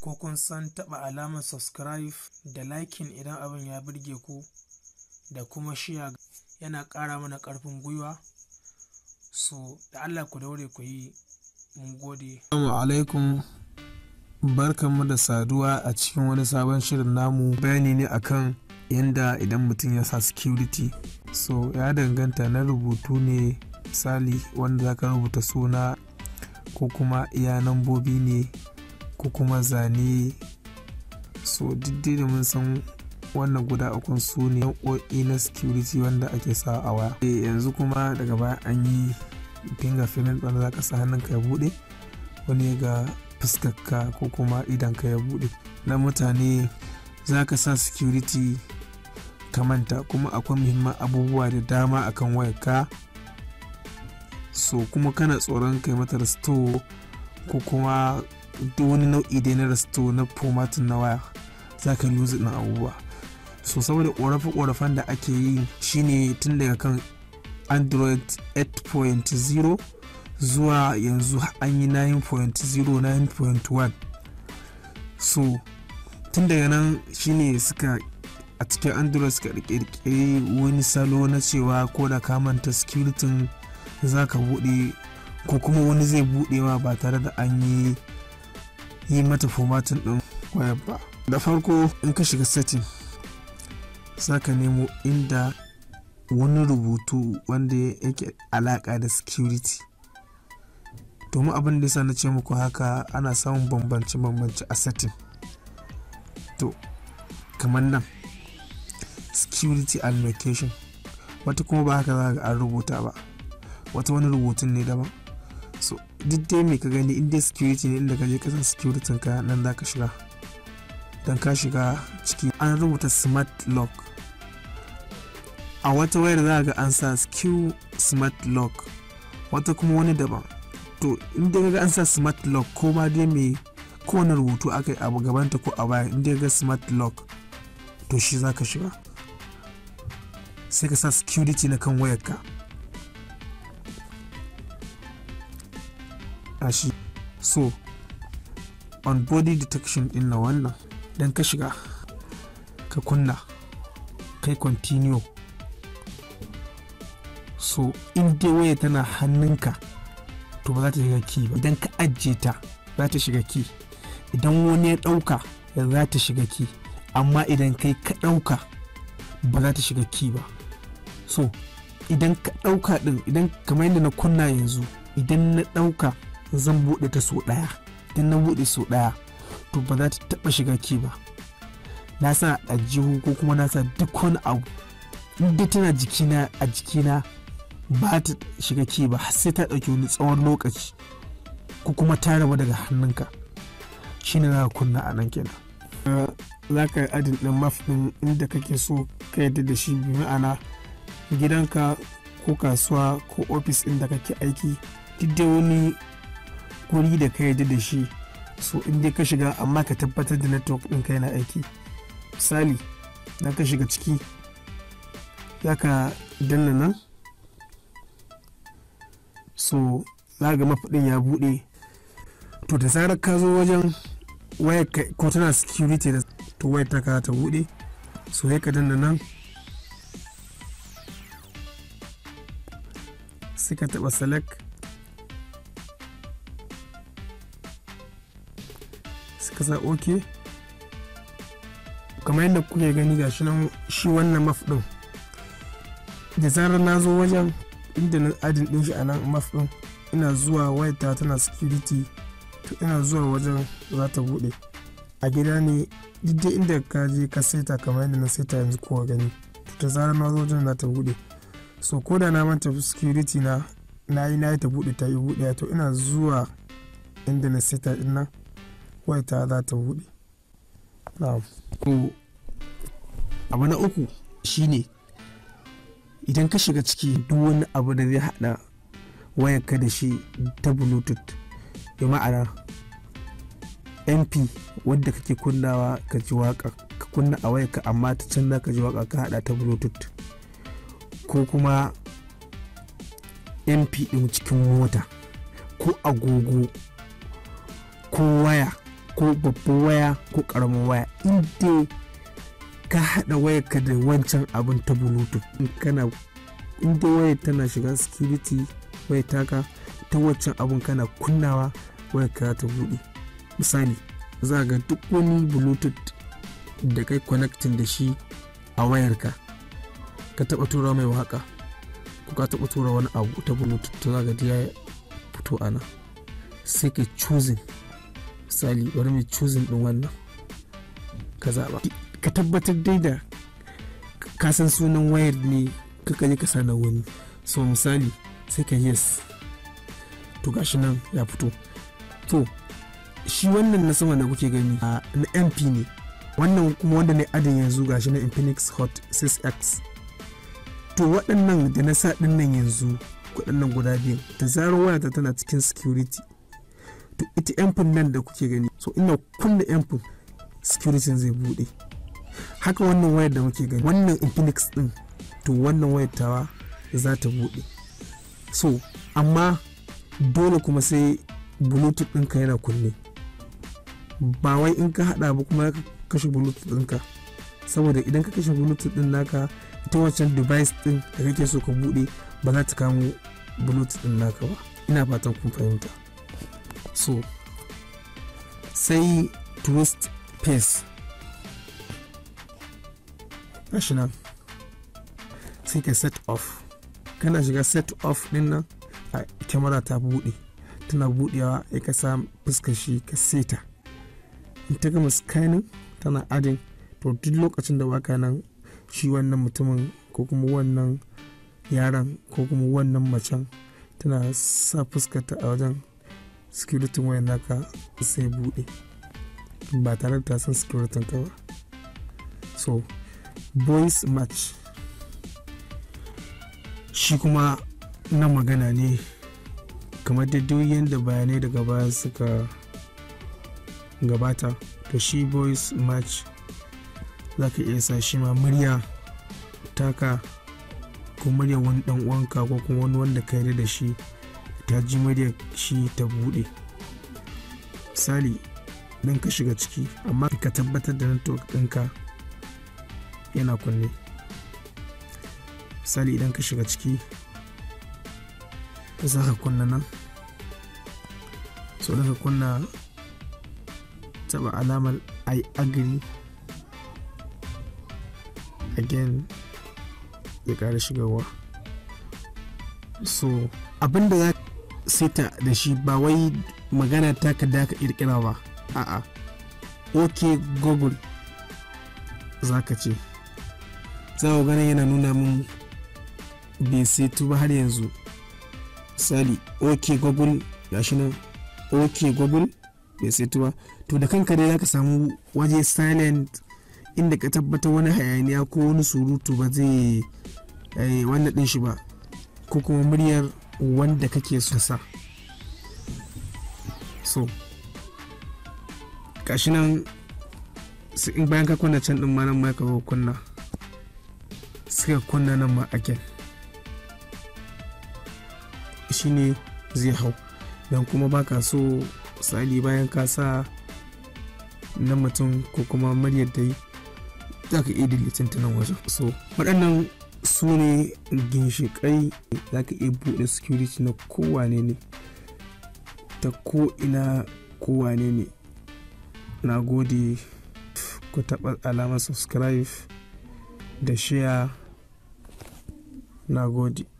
ko kun san taɓa alamar subscribe da likin idan abin ya birge ku da kuma shiya yana ƙara mana karfin gwiwa so da allah ku daure ku yi mun gode alaikum barkanmu da saduwa a cikin wani sabon shirin namu bayani ne akan yanda idan mutum ya sa security so ya danganta na rubutu ne misali wanda zaka rubuta suna ko kuma iya nambobi ne ko kuma zane so duk da mun san wannan guda ukun su ne o'e na security wanda ake sa a waya e yanzu kuma daga baya an yi fingerprint wanda zaka sa hannun ka ya bude wani ga fuskarka ko kuma idan ka ya bude na mutane zaka sa security ka manta kuma akwai muhimman abubuwa da dama akan wayarka so kuma kana tsoron kai mata restore ko kuma duk wani nau'i dai na rasto na formatin na waya za ka lose ɗin abubuwa so saboda ƙorafe-ƙorafen da ake yi shine tun daga kan android 8.0 zuwa yanzu an yi 9.0 9.1 so tun daga nan shine suka a cikin android suka kirkiri wani salo na cewa ko da ka manta security za ka buɗe ko kuma wani zai buɗewa ba tare da an yi yi mata formatin ɗin wayar ba da farko in ka shiga setting za ka nemo inda wani rubutu wanda yake alaƙa da security domin abin da yasa na ce muku haka ana samun bambance-bambance a setting to kamar nan security and location wata kuma ba haka za ga an rubuta ba wata wani rubutun ne daban so duk dai mai ka gani inda security ne inda gaje kasan security ka nan za ka shiga don ka shiga ciki an rubuta smart lock a wata wayar za ga an sa skill smart lock wata kuma wani daban to inda ga an sa smart lock ko ma dai mai kowane rubutu aka yi a gabanta ko a baya inda ga smart lock to shi za ka shiga sai ka sa security na kan wayarka a shi so on body detection din na wannan dan ka shiga ka kunna kai continue so in dai waya tana hannunka to ba za ta shiga ki ba idan ka ajiye ta za ta shiga ki idan wani ya ɗauka za ta shiga ki amma idan kai ka ɗauka ba za ta shiga ki ba so idan ka ɗauka din idan kamar yadda na kunna yanzu idan na ɗauka zan buɗe ta so ɗaya in na buɗe so ɗaya to ba za ta taɓa shiga ki ba na sa aljihu ko kuma na sa duk wani abu inda tana jikina a jikina ba ta shiga ki ba har sai ta ɗauki wani tsawon lokaci ko kuma ta raba daga hannunka shine za ka kunna a nan kenan za ka yi adin ɗin maf ɗin inda kake so ka yadda da shi bi ma'ana gidanka ko kasuwa ko ofis inda kake aiki duk da wani kuri da ka yarda da shi so in dai ka shiga amma ka tabbatar da network ɗin ka yana aiki misali za ka shiga ciki za ka danna nan so za ga mafudin ya bude to da zarar ka zo wajen waya ko tana security da to waya ta ka ta bude so ya ka danna nan sai ka taɓa select kasa ok kamar yadda kuke gani ga shi shi wannan maf din da zarar na zo wajen inda na adin din shi a nan maf din ina zuwa wayata tana security to ina zuwa wajen za ta bude a gida ne duk inda ka je ka saita kamar yadda na saita yanzu kowa gani to da zarar na zo wajen za ta bude so ko da na manta security na na yi na yi ta bude ta yi bude to ina zuwa inda na saita din nan waita za ta buɗe abu na uku shine idan ka shiga ciki duk wani abu da zai hada wayanka da shi ta bluetooth ya ma'ana mp wadda kake kunnawa ka ji waka ka kunna a wayanka amma ta canza ka ji waka ka hada ta bluetooth ko kuma mp din cikin mota ko agogo ko waya ko babban waya ko karamin waya inda ka haɗa ka da wancan abin ta bluetooth kana inda wayar tana shiga security wayar taka ta wancan abin kana kunnawa wayar ka ta buɗe misali za ga duk wani bluetooth da kai connecting da shi a wayarka ka taɓa tura mai waka ko ka taɓa tura wani abu ta bluetooth to za ga ya fito ana sai ka choosing misali bari mai cuzin din wannan ka zaba ka tabbatar dai da ka san sunan wayar ne ka kani ka sanar wani so misali sai ka yes to gashi nan ya fito to shi wannan na sama da kuke gani ah, na mp ne wannan kuma wanda na adin yanzu gashi na infinix hot 6x to waɗannan da na sa ɗin nan yanzu waɗannan guda biyu da zarar wayata tana cikin security ita yanfin nan da kuke gani so ina kunna yanfin security zai bude haka wannan wayar da muke gani wannan infinix din to wannan wayar tawa za ta bude so amma dole kuma sai bluetooth ɗinka yana kunne ba wai in ka hada ba kuma ka kashe bluetooth ɗinka saboda idan ka kashe bluetooth ɗin naka ita wancan device ɗin da kake so ka bude ba za ta kamo bluetooth ɗin naka ba ina fatan kun fahimta so sai twist face gashi nan sai ka set off kana shiga set off din nan a kyamara ta buɗe tana buɗewa ya ka sa fuskar shi ka seta in ta gama scanning tana adin to duk lokacin da baka nan shi wannan mutumin ko kuma wannan yaran ko kuma wannan macen tana sa fuskarta a wajen security wayan naka sai bude ba tare da san security ka ba so boys match shi kuma na magana ne kamar da duk yadda bayanai daga baya suka gabata to shi boys match za ka iya sa shi ma murya taka ko murya wani dan uwanka ko kuma wani wanda ka yarda da shi ta ji muryar shi ta bude misali don ka shiga ciki amma ka tabbatar da network ɗinka yana kunne misali idan ka shiga ciki za ka kunna nan da ka kunna taba alamar i agree again ya kara shigarwa so abinda ya sita da shi ba wai magana ta ka da ka kirkira ba a'a ok google za ka ce za ku yana nuna min bai setu ba har yanzu sali ok google gashi nan ok google ba to da kanka dai za ka samu waje silent inda ka tabbatar wani hayaniya ko wani surutu ba zai eh, wannan din shi ba ko kuma muryar wanda kake so sa so kashi nan in bayan ka kunna can din ma nan ma ka kunna suka kunna nan ma again ne zai hau don kuma ka so sali bayan ka sa na mutum ko kuma da yi za ka iya dilitin ta nan wajen so waɗannan su ne ginshiƙai za ka iya buɗe security na kowane ne ta ko'ina kowane ne na gode ku taɓa alamar subscribe da share na gode